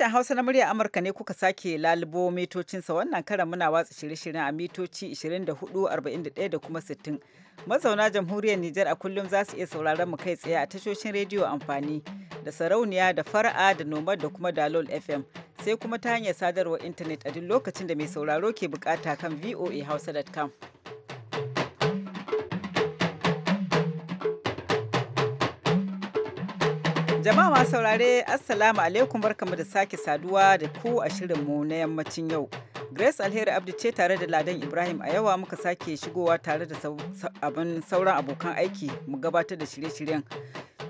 Sashen Hausa na murya Amurka ne kuka sake lalubo mitocinsa wannan karan muna watsa shirye-shiryen a mitoci 41 da kuma 60. Mazauna jamhuriyar Nijar a kullum za su iya sauraron mu kai tsaye a tashoshin rediyo amfani da sarauniya da fara'a da nomad da kuma dalol FM sai kuma ta hanyar sadarwar intanet a duk lokacin da mai sauraro ke bukata kan voahausa.com. Jama'a masu saurare Assalamu alaikum barkamu da sake saduwa da ku a shirinmu na yammacin yau. Grace Alheri Abdi ce tare da Ladan Ibrahim a yawa muka sake shigowa tare da abin sauran abokan aiki mu gabatar da shirye-shiryen.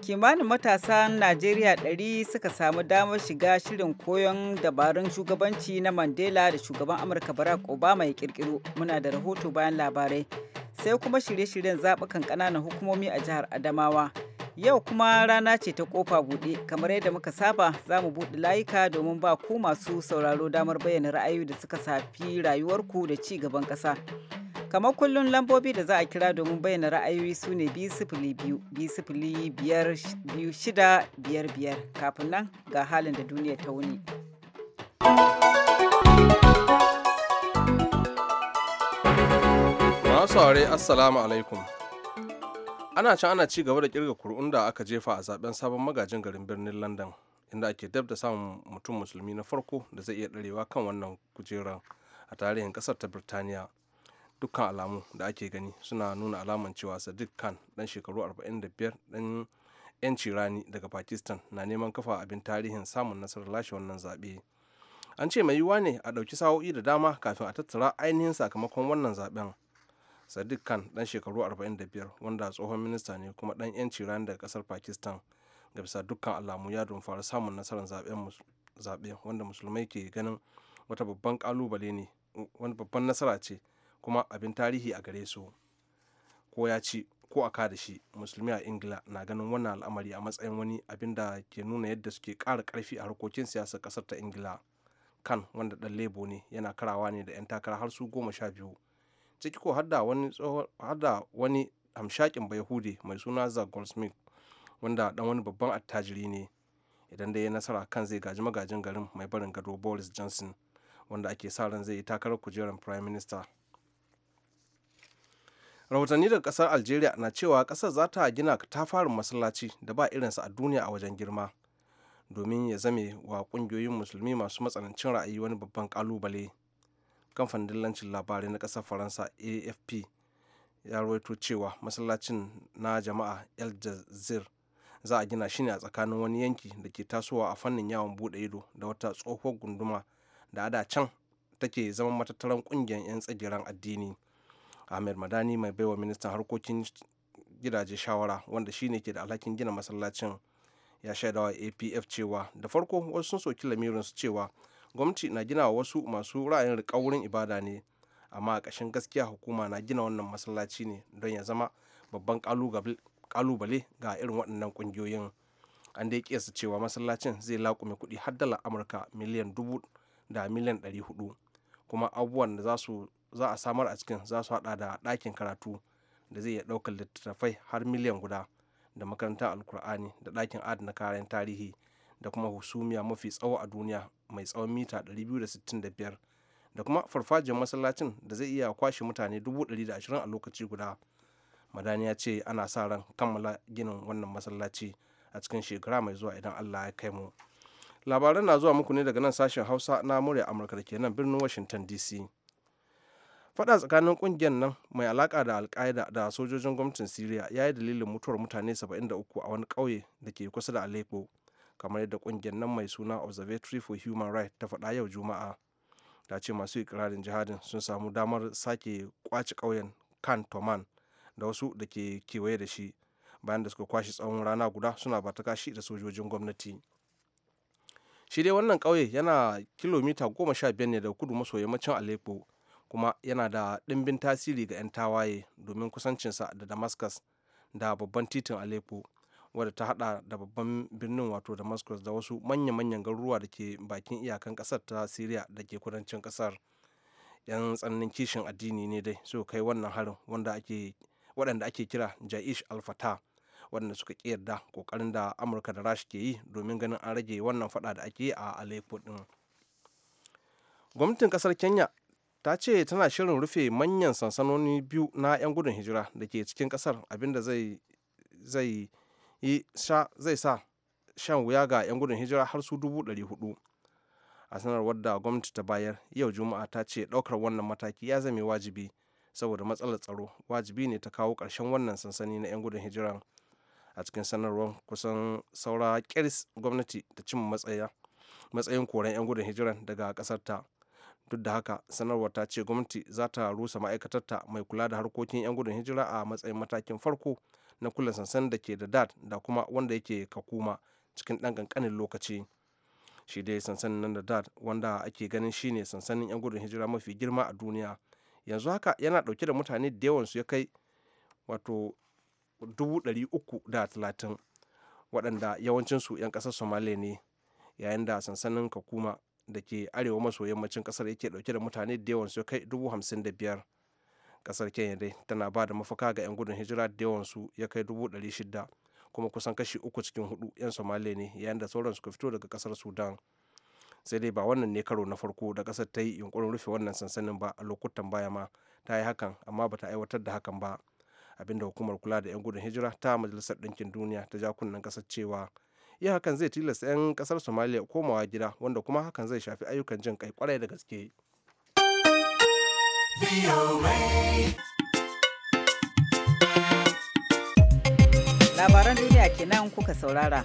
Kimanin matasan Najeriya ɗari suka samu damar shiga shirin koyon dabarun shugabanci na Mandela da shugaban Amurka Barack Obama ya kirkiro. Muna da rahoto bayan labarai. Sai kuma shirye-shiryen zaɓukan ƙananan hukumomi a jihar Adamawa. Yau kuma rana ce ta kofa buɗe kamar yadda muka saba za mu buɗe layuka domin ba ku masu sauraro damar bayyana ra'ayoyi da suka safi rayuwarku da ci gaban ƙasa. Kamar kullum lambobi da za a kira domin bayyana ra'ayoyi su ne shida biyar biyar kafin nan ga halin da duniya ta wuni. Masu assalamu alaikum. ana can ana ci gaba da kirga kur'un da aka jefa a zaben sabon magajin garin birnin london inda ake dab da samun mutum musulmi na farko da zai iya ɗarewa kan wannan kujerar a tarihin kasar ta birtaniya dukkan alamu da ake gani suna nuna alaman cewa sadiq khan dan shekaru 45 dan yanci rani daga pakistan na neman kafa abin tarihin samun nasarar lashe wannan zaɓe an ce mai yiwuwa ne a ɗauki sa'o'i da dama kafin a tattara ainihin sakamakon wannan zaben sadiq khan dan shekaru 45 wanda tsohon minista ne kuma dan yanci ran daga kasar pakistan ga bisa dukkan alamu ya fara samun nasarar zaɓe wanda musulmai ke ganin wata babban kalubale ne wani babban nasara ce kuma abin tarihi a gare su ko ya ci ko a da shi musulmi a ingila na ganin wannan al'amari a matsayin wani abin da ke nuna yadda suke kara karfi a harkokin siyasar kasar ta ingila kan wanda dan lebo ne yana karawa ne da 'yan takara har su goma sha biyu ciki ko hadda wani hamshakin bayahude mai suna za Goldsmith wanda dan wani babban attajiri ne idan dai ya nasara kan zai gaji magajin garin mai barin gado Boris Johnson wanda ake sa ran zai yi takarar kujerar Prime Minister. Rahotanni daga kasar Algeria na cewa kasar za ta gina ta fara masallaci da ba irinsa a duniya a wajen girma domin ya zame wa kungiyoyin musulmi masu matsanancin ra'ayi wani babban kalubale. kamfanin dillancin labarai na ƙasar faransa afp ya rawaito cewa masallacin na jama'a el jazir za a gina shi ne a tsakanin wani yanki da ke tasowa a fannin yawon bude ido da wata tsohuwar gunduma da ada can take zama matattaran kungiyar 'yan tsagiran addini ahmed madani mai baiwa ministan harkokin gidaje shawara wanda shi ne ke da alhakin gina masallacin ya shaidawa apf cewa da farko wasu sun soki su cewa gwamnati na gina wa wasu masu ra'ayin rikaurin ibada ne amma a ƙashin gaskiya hukuma na gina wannan masallaci ne don ya zama babban kalubale ga irin waɗannan ƙungiyoyin an dai kiyasta cewa masallacin zai laƙume kuɗi har dala amurka miliyan dubu da miliyan ɗari hudu kuma abubuwan da za a samar a cikin za su haɗa da ɗakin karatu da zai iya ɗaukar littattafai har miliyan guda da makarantar alkur'ani da ɗakin adana kayan tarihi da kuma husumiya mafi tsawo a duniya mai tsawon mita 265 da kuma farfajiyar masallacin da zai iya kwashe mutane 120 a lokaci guda madani ya ce ana sa ran kammala ginin wannan masallaci a cikin shekara mai zuwa idan allah ya kai mu labaran na zuwa muku ne daga nan sashen hausa na murya amurka da ke nan birnin washington dc fada tsakanin kungiyar nan mai alaka da alkaida da sojojin gwamnatin syria ya yi dalilin mutuwar mutane 73 a wani kauye da ke kusa da aleppo kamar yadda kungiyar nan mai suna observatory for human rights ta faɗa yau juma'a ta ce masu ikirarin jihadin sun samu damar sake kwace ƙauyen kan toman da wasu da ke kewaye da shi bayan da suka kwashe tsawon rana guda suna ba ta kashi da sojojin gwamnati shi dai wannan ƙauye yana kilomita goma sha biyar ne daga kudu maso yammacin aleppo kuma yana da ɗimbin tasiri ga 'yan tawaye domin kusancinsa da damascus da babban titin aleppo wadda ta hada da babban birnin wato damascus da wasu manya-manyan garuruwa da ke bakin iyakan kasar ta syria da ke kudancin kasar yan tsananin kishin addini ne dai su kai wannan harin waɗanda ake kira jaish al-fatah waɗanda suka ƙi yarda kokarin da amurka da rashi ke yi domin ganin an rage wannan fada da ake yi a aleppo ɗin gwamnatin kasar kenya ta ce tana shirin rufe manyan sansanoni biyu na 'yan gudun hijira da ke cikin ƙasar abinda zai zai zai sa shan wuya ga 'yan gudun hijira har su dubu ɗari hudu a sanarwar da gwamnati ta bayar yau juma'a ta ce ɗaukar wannan mataki ya zame wajibi saboda matsalar tsaro wajibi ne ta kawo ƙarshen wannan sansani na 'yan gudun hijiran a cikin sanarwar kusan saura kiris gwamnati ta cimma matsaya matsayin koren 'yan gudun hijira daga ƙasar ta duk da haka sanarwar ta ce gwamnati za ta rusa ma'aikatarta mai kula da harkokin 'yan gudun hijira a matsayin matakin farko na kula sansan da ke da dad da kuma wanda yake kakuma cikin ɗan kankanin lokaci shi dai sansan nan da dad wanda ake ganin shine sansanin 'yan gudun hijira mafi girma a duniya yanzu haka yana dauke da mutane da yawansu ya kai wato 330 waɗanda yawancinsu 'yan kasar somalia ne yayin da sansanin kakuma da ke arewa maso yammacin ƙasar yake dauke da mutane da yawansu ya kai 55 kasar kenya dai tana ba da mafaka ga 'yan gudun hijira da yawansu ya kai dubu ɗari shida kuma kusan kashi uku cikin hudu 'yan somaliya ne yayin da sauran suka fito daga kasar sudan sai dai ba wannan ne karo na farko da kasar ta yi yunkurin rufe wannan sansanin ba a lokutan baya ma ta yi hakan amma ba ta aiwatar da hakan ba abinda hukumar kula da 'yan gudun hijira ta majalisar ɗinkin duniya ta ja kunnen kasar cewa iya hakan zai tilasta 'yan kasar somaliya komawa gida wanda kuma hakan zai shafi ayyukan jin kai kwarai da gaske Labaran duniya kenan kuka saurara.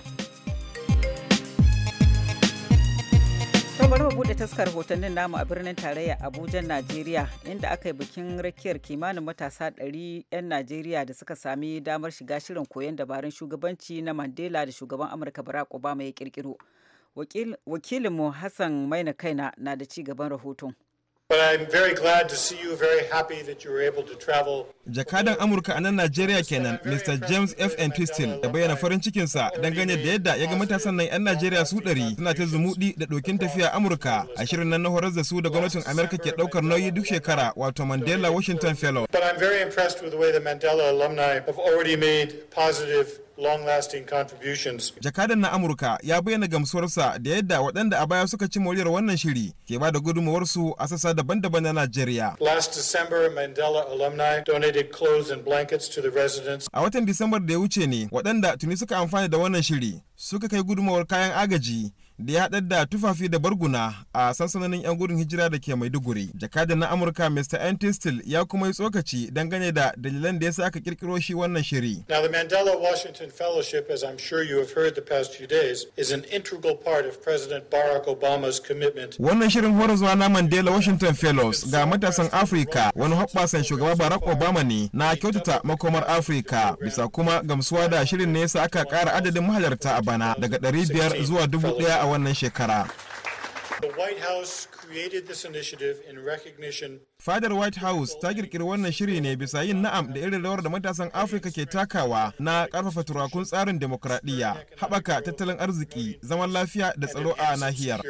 To bude taskar hotonnin namu a birnin tarayya Abuja, Najeriya, inda aka yi bikin rakiyar kimanin matasa 100 'yan Najeriya da suka sami damar shiga shirin koyon dabarun shugabanci na Mandela da shugaban Amurka Barack Obama ya kirkiro. Wakilinmu Hassan Maina Kaina na da ci gaban rahoton. Jakadan Amurka a nan Najeriya kenan, Mr. James F. N. Pistil, da bayyana farin cikinsa dangane da yadda ya ga matasan nan 'yan Najeriya su ɗari suna ta zumuɗi da ɗokin tafiya Amurka a shirin nan na horar da su da gwamnatin Amurka ke ɗaukar nauyi duk shekara wato Mandela Washington Fellow. But very impressed with Mandela alumni have already made positive long-lasting contributions. Jakadan na Amurka ya bayyana gamsuwarsa da yadda waɗanda a baya suka ci moriyar wannan shiri ke ba da gudunmawarsu a sassa daban-daban na Najeriya. Last December, Mandela alumni donated clothes blankets to residents. A watan Disambar da ya wuce ne waɗanda tuni suka amfani da wannan shiri suka kai gudunmawar kayan agaji da ya haɗar da tufafi da barguna a sansanonin 'yan gudun hijira da ke maiduguri jakadan na amurka mr antin ya kuma yi tsokaci dangane da dalilan da ya sa aka kirkiro shi wannan shiri now the mandela washington fellowship as i'm sure you have heard the past few days is an integral part of president barack obama's commitment wannan shirin zuwa na mandela washington fellows ga matasan afirka wani hoɓɓasan shugaba barack obama ne na kyautata makomar afirka bisa kuma gamsuwa da shirin ne ya sa aka kara adadin mahalarta a bana daga biyar zuwa dubu 1000 a wannan shekara. The White House created this initiative in recognition Fadar White House ta kirkiri wannan shiri ne bisa yin na'am da irin rawar da matasan Afirka ke takawa na karfafa turakun tsarin demokradiyya, haɓaka tattalin arziki, zaman lafiya da tsaro a nahiyar.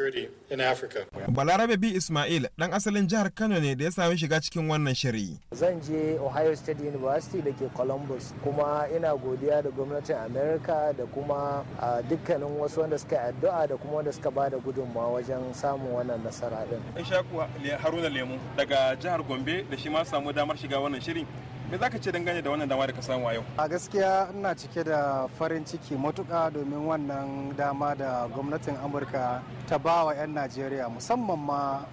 Balarabe B. Ismail ɗan asalin jihar Kano ne da ya sami shiga cikin wannan shiri. Zan je Ohio State University da ke Columbus kuma ina godiya da gwamnatin amerika da kuma dukkanin wasu wanda suka addu'a da kuma wanda suka ba da gudunmawa wajen samun wannan nasara ɗin. Haruna Lemu daga jihar Gombe da shi ma samu damar shiga wannan shirin. Me zaka ce dangane da wannan dama da ka samu a yau? A gaskiya ina cike da farin ciki matuka domin wannan dama da gwamnatin Amurka ta ba wa 'yan Najeriya musamman ma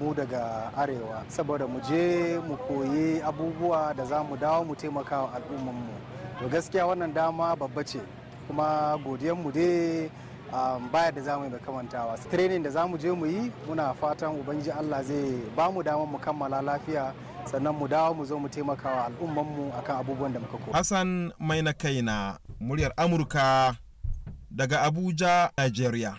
mu daga Arewa saboda mu je mu koyi abubuwa da za mu dawo mu taimaka wa al'ummanmu. To gaskiya wannan dama babba ce kuma mu dai Um, baya da zamu yi kamantawa training da zamu je mu yi muna fatan ubangiji Allah zai ba mu damar mu kammala lafiya sannan mu dawo mu zo mu taimakawa mu akan abubuwan da muka koya Hassan mai na kaina muryar Amurka daga Abuja Nigeria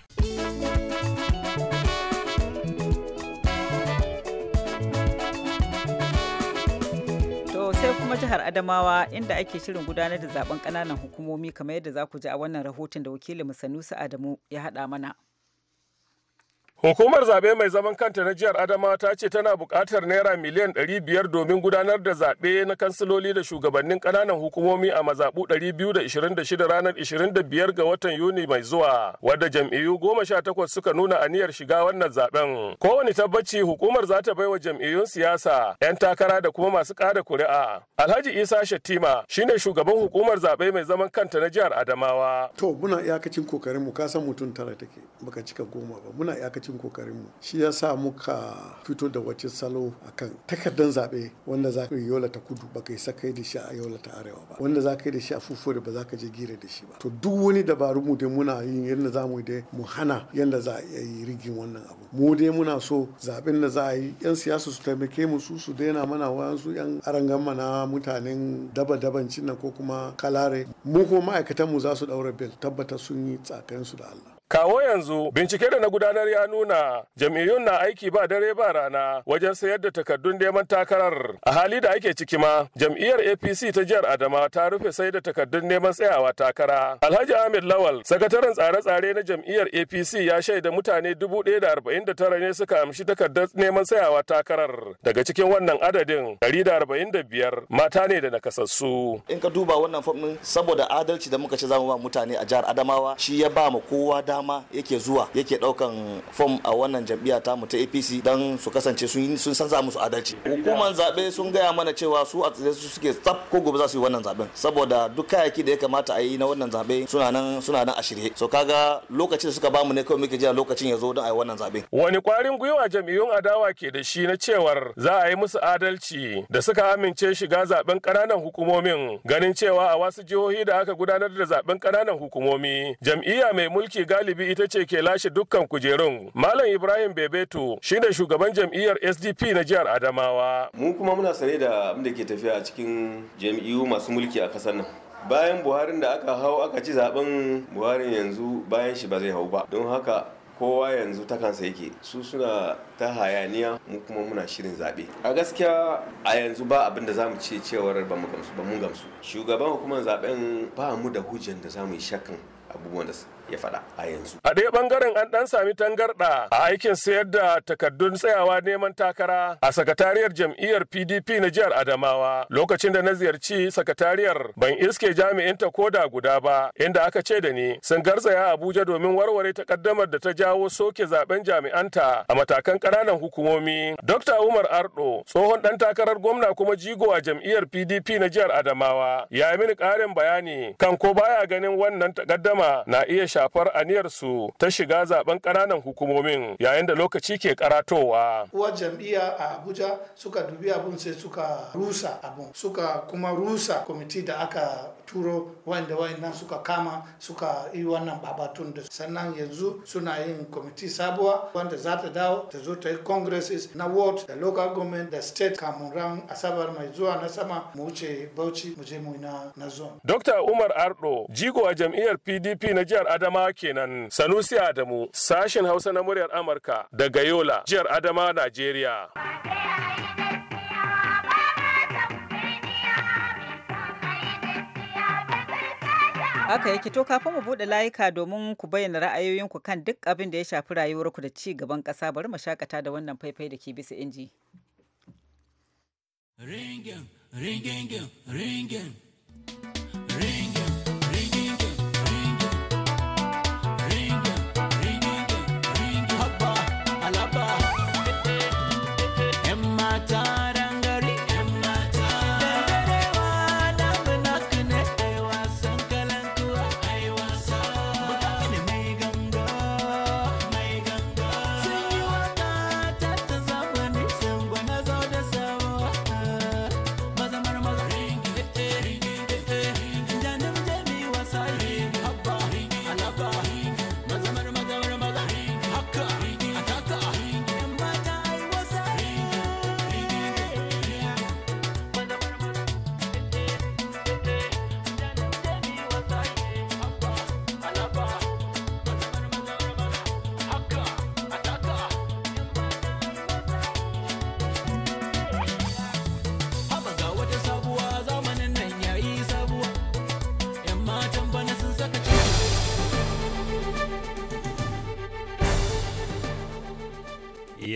kuma jihar Adamawa inda ake shirin gudanar da zaben ƙananan hukumomi kamar yadda za ku ji a wannan rahoton da wakilin Sanusi Adamu ya haɗa mana. Hukumar zaɓe mai zaman kanta na jihar Adamawa ta ce tana buƙatar naira miliyan 500 domin gudanar da zaɓe na kansiloli da shugabannin ƙananan hukumomi a mazaɓu 226 ranar 25 ga watan Yuni mai zuwa, wadda jam'iyyu 18 suka nuna aniyar shiga wannan zaɓen. Kowane tabbaci hukumar za ta baiwa jam'iyyun siyasa, 'yan takara da kuma masu ƙada kuri'a. Alhaji Isa Shattima shine shugaban hukumar zaɓe mai zaman kanta na jihar Adamawa. To muna iyakacin kokarin mu ka san mutum tara take baka cika goma ba muna iyakacin cikin kokarinmu shi ya sa muka fito da wace salo kan takardar zaɓe wanda za ka yi yola ta kudu ba ka yi sakai da shi a yola ta arewa ba wanda za ka yi da shi a fufore ba za ka je gira da shi ba to duk wani dabaru mu dai muna yin yadda za mu dai mu hana yadda za a yi rigin wannan abu mu dai muna so zaɓen da za a yi yan siyasa su taimake mu su su daina mana wasu yan arangan mana mutanen daba-daban cinna ko kuma kalare mu kuma ma'aikatan mu za su daura bel tabbata sun yi su da Allah Kawo yanzu bincike da na gudanar ya nuna jam'iyyun na aiki ba dare ba rana wajen sayar da takardun neman takarar. A hali da ake ciki ma jam'iyyar APC ta jihar Adama ta rufe sai da takardun neman tsayawa takara. Alhaji Ahmed Lawal, sakataren tsare-tsare na jam'iyyar APC ya shaida mutane dubu ɗaya da arba'in da tara ne suka amshi takardar neman tsayawa takarar. Daga cikin wannan adadin ɗari da arba'in da biyar mata ne da nakasassu. In ka duba wannan fom saboda adalci da muka ce za mu ba mutane a jihar Adamawa shi ya ba mu kowa da dama yake zuwa yake daukan fom a wannan jam'iyya ta mu ta APC dan su kasance sun sun san za musu adalci hukumar zabe sun gaya mana cewa su a tsaye su suke tsaf ko gobe za su yi wannan zaben saboda duk kayayyaki da ya kamata a yi na wannan zabe suna nan suna nan a shirye so kaga lokacin da suka ba mu ne kawai muke jira lokacin ya zo don a yi wannan zabe wani kwarin gwiwa jam'iyyun adawa ke da shi na cewar za a yi musu adalci da suka amince shiga zaben ƙananan hukumomin ganin cewa a wasu jihohi da aka gudanar da zaben ƙananan hukumomi jam'iyya mai mulki gali galibi ita ce ke lashe dukkan kujerun. Malam Ibrahim Bebeto shine shugaban jam'iyyar SDP na jihar Adamawa. Mu kuma muna sane da abin da ke tafiya a cikin jam'iyyu masu mulki a kasar nan. Bayan Buharin da aka hau aka ci zaben Buhari yanzu bayan shi ba zai hau ba. Don haka kowa yanzu ta kansa yake su suna ta hayaniya mu kuma muna shirin zaɓe a gaskiya a yanzu ba abin da zamu ce cewar ba mu gamsu ba mun gamsu shugaban hukumar zaben ba mu da hujjan da zamu yi shakkan abubuwan da ya faɗa a yanzu. A ɗaya ɓangaren an ɗan sami tangarɗa a aikin sayar da takardun tsayawa neman takara a sakatariyar jam'iyyar PDP na jihar Adamawa. Lokacin da na ziyarci sakatariyar ban iske jami'in ta koda guda ba inda aka ce da ni sun garzaya Abuja domin warware takaddamar da ta jawo soke zaben jami'anta a matakan ƙananan hukumomi. Dr. Umar Ardo tsohon ɗan takarar gwamna kuma jigo a jam'iyyar PDP na jihar Adamawa ya yi mini ƙarin bayani kan ko baya ganin wannan takaddama na iya sha shafar aniyarsu ta shiga zaben ƙananan hukumomin yayin da lokaci ke karatowa. Uwar jam'iyya a Abuja suka dubi abun sai suka rusa abun suka kuma rusa kwamiti da aka turo wanda wayannan suka kama suka yi wannan babatun da sannan yanzu suna yin kwamiti sabuwa wanda za ta dawo ta zo ta yi congresses na ward da local government da state kamun ran asabar mai zuwa na sama mu wuce bauchi mu je mu na zone. Dr. Umar Ardo jigo a jam'iyyar PDP na jihar Adam Adama kenan. Sanusi Adamu, sashen Hausa na muryar Amurka daga Yola, jihar Adama, Najeriya. Aka yake to kafin mu buɗe layuka domin ku bayyana ra'ayoyinku kan duk abin da ya shafi rayuwarku da ci gaban ƙasa bari mu shakata da wannan faifai da ke bisa inji. Ringin, ringin, ringin.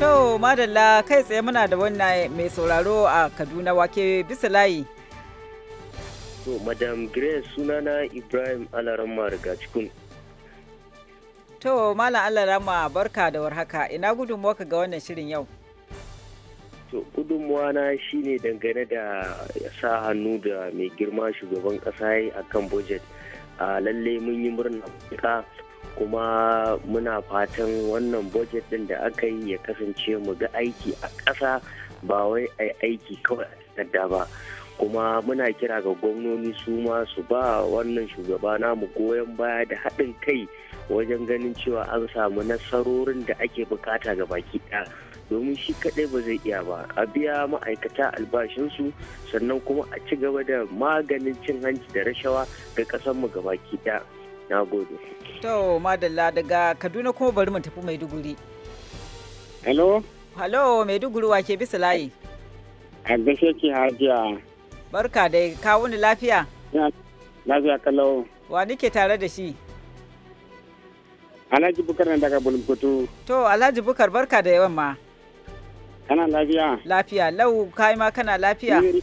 To madalla kai tsaye muna da wannan mai sauraro a Kaduna wake bisa layi. To Madam Grace sunana Ibrahim Alarama daga cikin. To Malam Alarama barka da warhaka ina gudunmuwa ga wannan shirin yau. To gudunmuwa na shine dangane da sa hannu da mai girma shugaban kasa a kan budget. a lalle mun yi murna kuma muna fatan wannan budget din da aka yi ya kasance mu ga aiki a ƙasa ba wai a aiki kawai a ba kuma muna kira ga gwamnoni su ma su ba wannan shugaba namu goyon baya da haɗin kai wajen ganin cewa an samu nasarorin da ake bukata ga baki ɗaya domin shi kaɗai ba zai iya ba a biya ma'aikata albashinsu sannan kuma a ci gaba da maganin cin hanci da rashawa ga ƙasarmu ga baki ɗaya na gode To, madalla daga Kaduna kuma bari mu tafi Maiduguri. Hello? Hello, Maiduguri wa ke bisa layi? A gashe ki hajiya. Barka dai, kawo ni lafiya? Lafiya kalau. Wa nike tare da shi? Alhaji Bukar na daga Bulkutu. To, Alhaji Bukar barka da yawan ma. Kana lafiya? Lafiya, lau kai ma kana lafiya? Eh,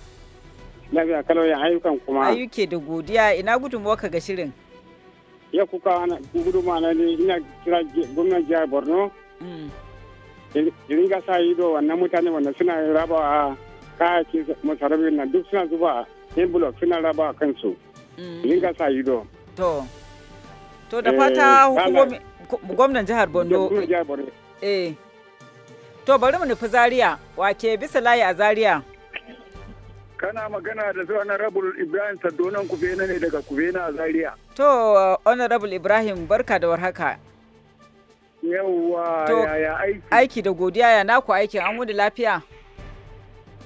lafiya kalau ya ayyukan kuma. Ayyuke da godiya, ina gudunmuwa ka ga shirin. ya kuka guduma na ne ina kira gwamnan jihar borno da mm. ringa sa ido wannan mutane wanda suna raba a kayaki masarabi na duk suna zuba envelope suna raba a kansu mm. ringa sa ido to to da fata eh, gwamnan jihar borno eh to bari mu nufi zaria wake bisa layi a zaria kana magana da su honorable ibrahim sadonan kubena ne daga kubena a zaria to uh, honorable ibrahim barka da warhaka yawwa yaya aiki aiki da godiya ya naku aikin an wuni lafiya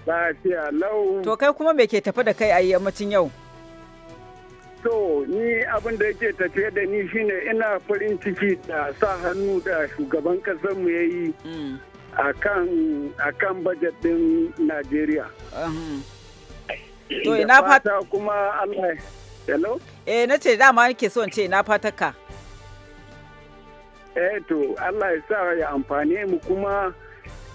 lafiya lau to kai kuma me ke tafi da kai a yammacin yau to ni abin da yake tafiye da ni shine ina farin ciki da sa hannu da shugaban mu ya yi mm. kan bajet din najeriya uh -huh. To ina fata kuma Allah. Hello? Eh na ce dama nake so in ce ina fata ka. Eh to Allah ya sa ya amfane mu kuma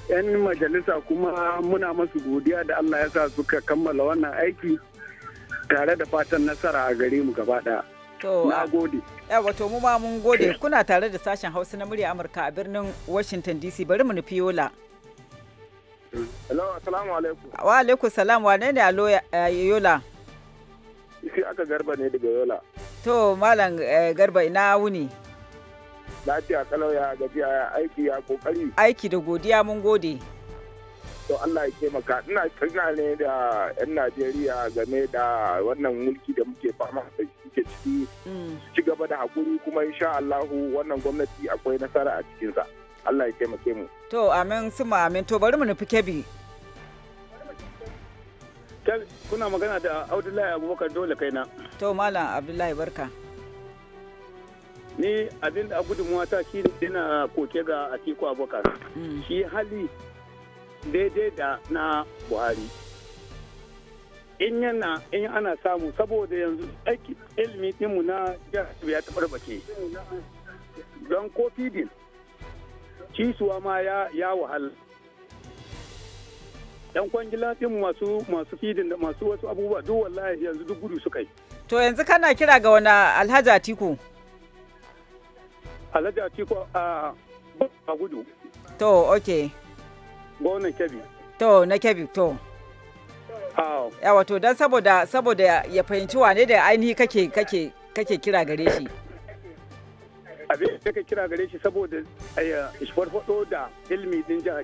'yan majalisa kuma muna masu godiya da Allah ya sa suka kammala wannan aiki tare da fatan nasara a gare mu gaba ɗaya. Na gode. Yawa to mu ma mun gode eh. kuna tare da sashen Hausa na murya Amurka a birnin Washington DC bari mu nufi Yola. Wa alaikum salam wa ne a Yola? Isi aka garba ne daga Yola. To, Malam eh, Garba ina wuni. Lafiya kalau ya gajiya aiki ya kokari. Aiki da godiya mun gode. to Allah ya taimaka ina kirga ne da 'yan Najeriya game da wannan mulki da muke fama da suke ciki mm. ci gaba da haƙuri, kuma insha Allahu wannan gwamnati akwai nasara a cikinsa. Allah ya taimake mu to amin suma amin to bari mu nufi kebi kuna magana da Abdullahi Abubakar dole kaina to malam Abdullahi barka ni abin da gudun ta shi yana koke ga Atiku Abubakar mm. shi hali daidai da na Buhari in yana in ana samu saboda yanzu aiki ilimi ɗinmu na jihar ya taɓarɓace don ko fidin cisuwa ma ya wahala yan kwangila din masu masu fidin da masu wasu abubuwa duk wallahi yanzu duk gudu suka yi to yanzu kana kira ga wani alhaji atiku alhaji atiku a ba gudu to okay gwamnan kebi to na kebi to yawa to don saboda saboda ya fahimci wane da ainihi kake kake kake kira gare shi abin da ka kira gare shi saboda eh, farfado da ilmi din jihar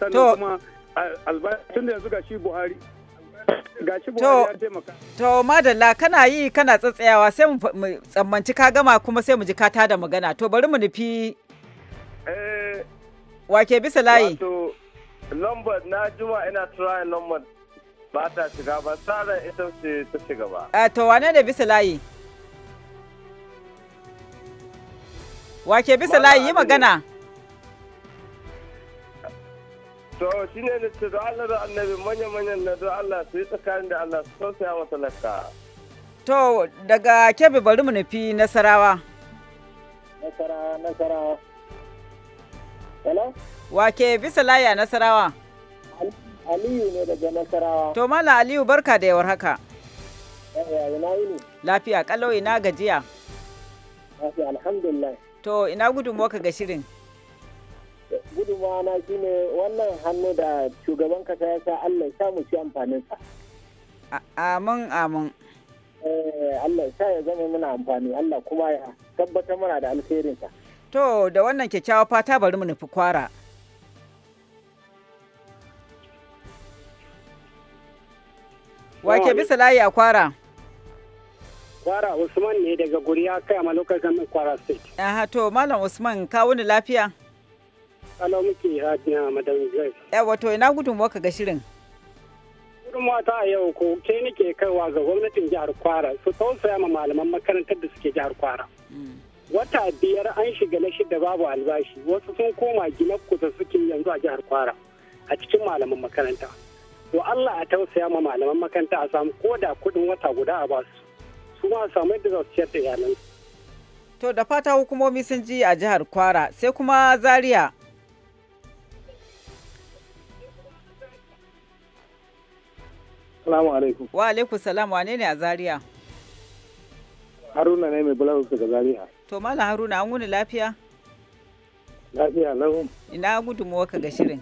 sannan kuma albarkatun da yanzu ga shi buhari gashi buhari to madalla kana yi kana tsatsayawa sai mu tsammanci ka gama kuma sai mu ji kata da magana to bari mu nufi eh, wake bisa layi wato lambar na juma ina try lambar ba ta shiga ba tsara ita ce ta shiga ba a eh, to wane ne bisa layi wake bisa layi yi magana to shi ne na ce da Allah da annabi manya-manyan na don Allah su yi tsakanin da Allah su tausaya wa talaka to daga kebe bari mu nufi nasarawa nasarawa nasarawa wake bisa layi a nasarawa Aliyu ne daga Nasarawa. To Mala Aliyu barka da yawar haka. Lafiya kalau ina gajiya. Lafiya alhamdulillah. To ina gudunmuwa ka ga shirin. Gudunmuwa na shine wannan hannu da shugaban kasa ya sa Allah ya mu ci amfaninsa. Amin amin. Eh, Allah ya sa ya zama muna amfani Allah kuma ya tabbatar mana da alkhairinsa. To da wannan kyakkyawa fata bari mu nufi kwara. Wake bisa layi a kwara? Kwara Usman ne daga guriya kai a lokacin gamin kwara state. Aha to Malam Usman ka wuni lafiya? Kalau muke a madam Grace. Yawa to ina gudun waka ga shirin? wata a yau ko ke nake kaiwa ga gwamnatin jihar Kwara su tausaya ma malaman makarantar da suke jihar Kwara. Mm. Wata biyar an shiga na shida babu albashi wasu sun koma gina kusa suke yanzu a jihar Kwara a cikin malaman makaranta. to Allah a tausaya ma malaman makaranta a samu ko da kudin wata guda a basu su ma samu yadda za su ciyar da iyalan to da fata hukumomi sun ji a jihar Kwara sai kuma Zaria Salamu alaikum. Wa alaikum salam wane ne a Zaria? Haruna ne mai bulawus daga Zaria. To Malam Haruna an wuni lafiya? Lafiya lahum. Ina gudunmuwa ka ga shirin.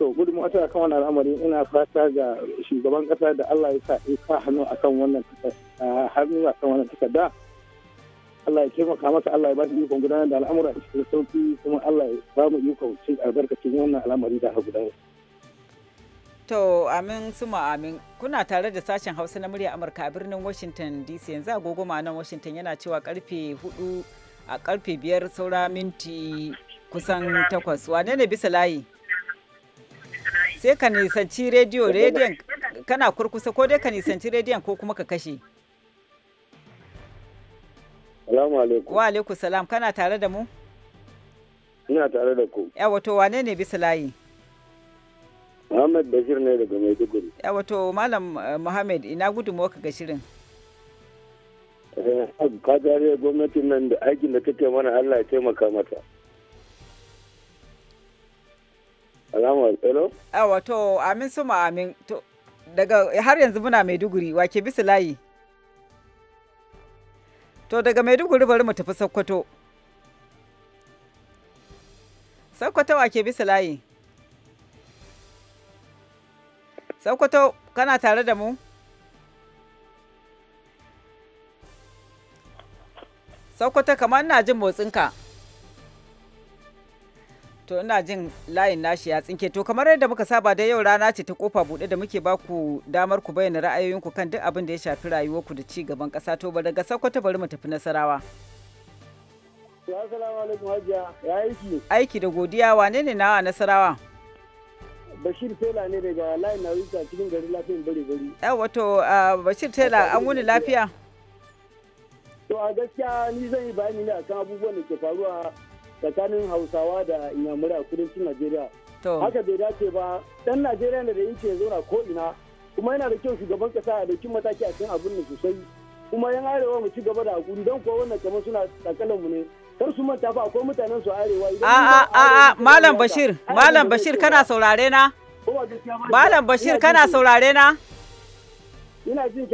so gudunmu ta kan wannan al'amari ina fata ga shugaban kasa da Allah ya sa in a hannu akan wannan hannu akan wannan takarda Allah ya taimaka masa Allah ya ba shi ikon gudanar da al'amura cikin sauki kuma Allah ya ba mu ikon cin albarkacin wannan al'amari da aka gudanar. To amin suma amin kuna tare da sashen Hausa na murya Amurka a birnin Washington DC yanzu agogo nan Washington yana cewa karfe hudu a karfe biyar saura minti kusan takwas wane ne bisa layi? sai ka nisanci rediyo rediyon kana kurkusa ko dai ka nisanci rediyon ko kuma ka kashe salamu alaikum wa alaikum salam kana tare da mu ina tare da ku ya to wane ne bisa layi Muhammad Bashir ne daga Maiduguri. Ya to Malam eh, Muhammad ina gudun ka ga shirin. Eh, ka jariya gwamnatin nan da aikin da take mana Allah ya taimaka mata. Salamu alaikum. Yawa to amin su ma amin. daga har yanzu muna Maiduguri wake bisa layi. To daga Maiduguri bari mu tafi Sokoto. Sokoto wake bisa layi. Sokoto kana tare da mu? Sokoto kamar na jin motsinka. to ina jin layin nashi ya tsinke to kamar yadda muka saba da yau rana ce ta kofa buɗe da muke ba ku damar ku bayyana ra'ayoyinku kan duk abin da ya shafi rayuwarku da ci gaban ƙasa to ba daga sakkwato bari mu tafi nasarawa aiki da godiya wane ne nawa nasarawa Bashir Tela ne daga layin Nawisa cikin gari lafiyan bari bari. Yawa to Bashir Tela an wuni lafiya? To a gaskiya ni zan yi bayani ne akan abubuwan da ke faruwa tsakanin hausawa da inyamurai a kudancin najeriya haka bai dace ba dan najeriya ne da yin ya zauna ko ina kuma yana da kyau shugaban kasa a dauki mataki a cikin abin da sosai kuma yan arewa mu ci gaba da hakuri don kuwa wannan kamar suna tsakalan mu ne kar su manta fa akwai mutanen su arewa idan a a a malam bashir malam bashir kana saurare na malam bashir kana saurare na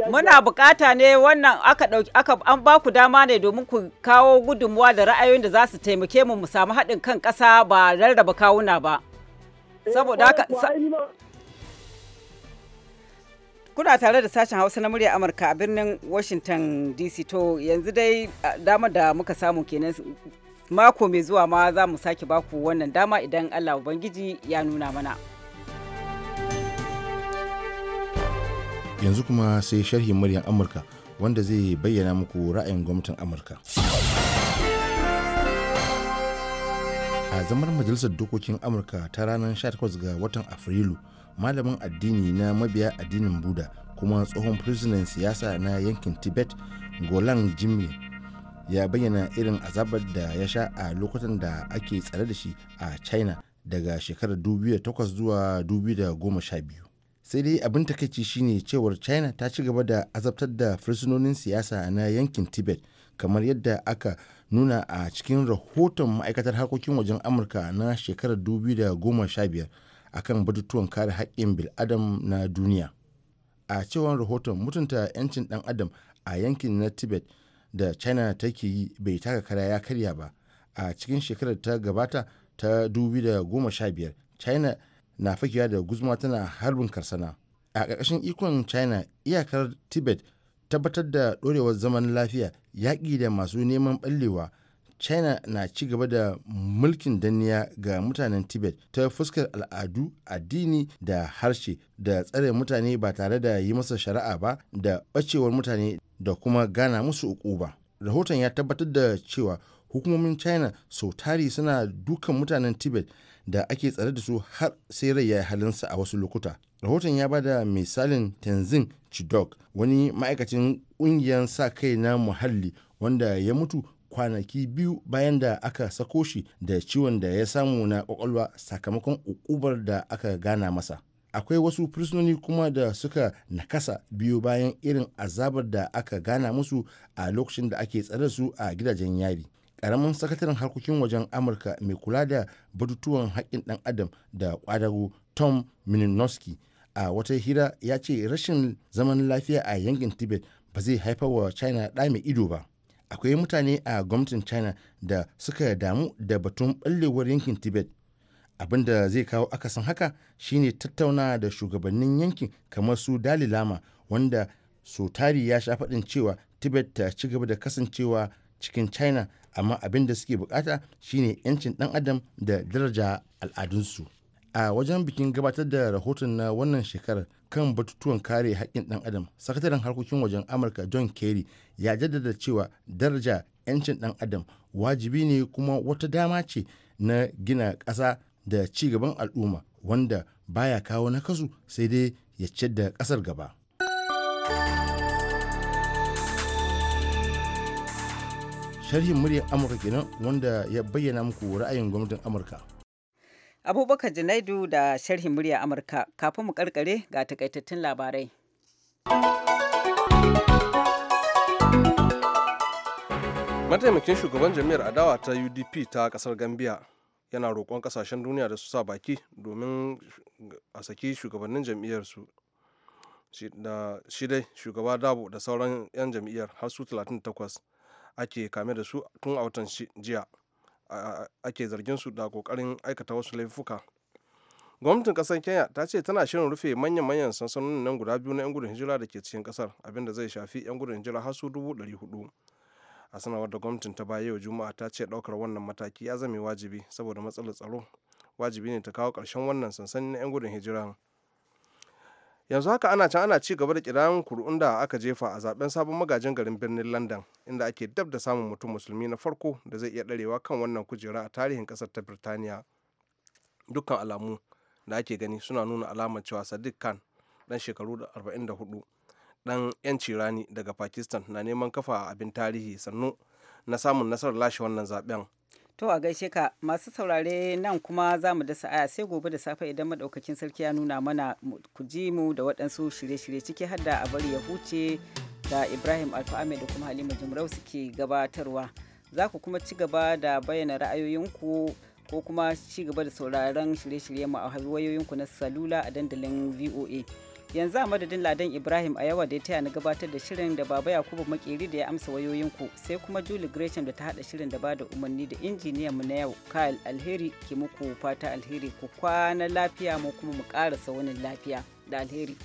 Muna bukata ne wannan aka dauki aka an ba ku dama ne domin ku kawo gudunmuwa da ra'ayoyin da za su taimake mu mu samu haɗin kan ƙasa ba rarraba kawuna ba. Eh, Saboda haka kuna tare da sashen hausa na murya amurka a birnin washington dc to yanzu dai dama da muka samu kenan mako mai zuwa ma za mu sake baku wannan dama idan allah ubangiji ya nuna mana. yanzu kuma sai sharhin muryar amurka wanda zai bayyana muku ra'ayin gwamnatin amurka a zamar majalisar dokokin amurka ta ranar 18 ga watan afrilu malamin addini na mabiya addinin buda kuma tsohon firistinan siyasa na yankin tibet golan jimmy ya bayyana irin azabar da ya sha a lokutan da ake tsare da shi a china daga shekarar 2008 zuwa 2012 sai dai abin takaici shine cewar china ta ci gaba da azabtar da fursunonin siyasa na yankin tibet kamar yadda aka nuna a cikin rahoton ma'aikatar harkokin wajen amurka na shekarar 2015 akan batutuwan kare haƙƙin bil'adam na duniya a cewar rahoton mutunta 'yancin ɗan adam a yankin na tibet da china take yi bai taka kara ya karya ba a cikin shekarar ta gabata ta 2015 china na fakiya da guzma tana harbin karsana a ƙarƙashin ikon china iyakar tibet tabbatar da ɗorewar zaman lafiya yaƙi da masu neman ɓallewa china na ci gaba da mulkin danniya ga mutanen tibet ta fuskar al'adu addini da harshe da tsare mutane ba tare da yi masa shari'a ba da ɓacewar mutane da kuma gana musu uku ba. rahoton ya tabbatar da cewa hukumomin china sau tari suna dukan mutanen tibet da ake tsare da su har sai rai ya yi halinsa a wasu lokuta. Rahoton ya bada misalin Tenzin Chidok, wani ma'aikacin ƙungiyar sa kai na muhalli wanda ya mutu kwanaki biyu bayan da aka sako shi da ciwon da ya samu na kwakwalwa sakamakon ukubar da aka gana masa. Akwai wasu fursunoni kuma da suka nakasa biyu bayan irin azabar da aka gana musu a lokacin da ake tsare su a gidajen yari. karamin sakataren harkokin wajen amurka mai kula da batutuwan haƙƙin ɗan adam da ƙwadago tom mininowski a wata hira ya ce rashin zaman lafiya a yankin tibet ba zai haifar wa china ɗa mai ido ba akwai mutane a gwamnatin china da suka damu da batun ɓallewar yankin tibet abin da zai kawo akasin haka shine tattauna da shugabannin yankin kamar su dalilama wanda sotari ya sha faɗin cewa tibet ta ci gaba da kasancewa cikin china amma abin da suke bukata shine 'yancin dan adam da daraja al'adunsu a wajen bikin gabatar da rahoton na wannan shekarar kan batutuwan kare haƙƙin dan adam sakataren harkokin wajen amurka john kerry ya jaddada cewa daraja 'yancin dan adam wajibi ne kuma wata dama ce na gina ƙasa da ci gaban al'umma wanda baya kawo nakasu sai dai ya ciyar da ƙasar gaba. sharhin muryar amurka kenan wanda ya bayyana muku ra'ayin gwamnatin amurka abubakar janaidu da sharhin muryar amurka kafin mu karkare ga takaitattun labarai mataimakin shugaban jami'ar adawa ta udp ta kasar gambia yana roƙon kasashen duniya da su sa baki domin a saki shugabannin jam'iyyarsu da shidai shugaba dabo da sauran 'yan jam'iyyar har su 38 ake kame da su tun a watan jiya ake zargin su da kokarin aikata wasu laifuka gwamnatin kasar kenya ta ce tana shirin rufe manyan-manyan sansanonin nan guda biyu na 'yan gudun hijira da ke cikin kasar abinda zai shafi 'yan gudun hijira har su dubu ɗari hudu a sanarwar da gwamnatin ta baya yau juma'a ta ce ɗaukar wannan mataki ya zame wajibi saboda matsalar tsaro wajibi ne ta kawo ƙarshen wannan sansanin na 'yan gudun hijira yanzu haka ana can ana ci gaba da kiran kuri'un da aka jefa a zaben sabon magajin garin birnin london inda ake dab da samun mutum musulmi na farko da zai iya darewa kan wannan kujera a tarihin kasar ta birtaniya dukkan alamu da ake gani suna nuna alamar cewa sadiq khan dan shekaru 44 dan yanci rani daga pakistan na neman kafa abin tarihi sannu na samun nasarar lashe wannan zaben To a gaishe ka masu saurare nan kuma za mu dasa aya sai gobe da safe idan madaukakin sarki ya nuna mana ku ji mu da waɗansu shirye-shirye ciki har da a bari ya huce da Ibrahim Alfa da kuma Halima Jimrau suke gabatarwa. Za ku kuma ci gaba da bayyana ra'ayoyinku ko kuma ci gaba da sauraron shirye-shiryen mu a wayoyinku na salula a dandalin VOA. yanzu a madadin ladan ibrahim a yawa da ya taya na gabatar da shirin da baba yakubu makeri da ya amsa wayoyinku sai kuma julie gresham da ta hada shirin da bada umarni da injiniyan mu na yau kyle alheri ke muku fata alheri ku kwana lafiya mu kuma mu karasa wani lafiya da alheri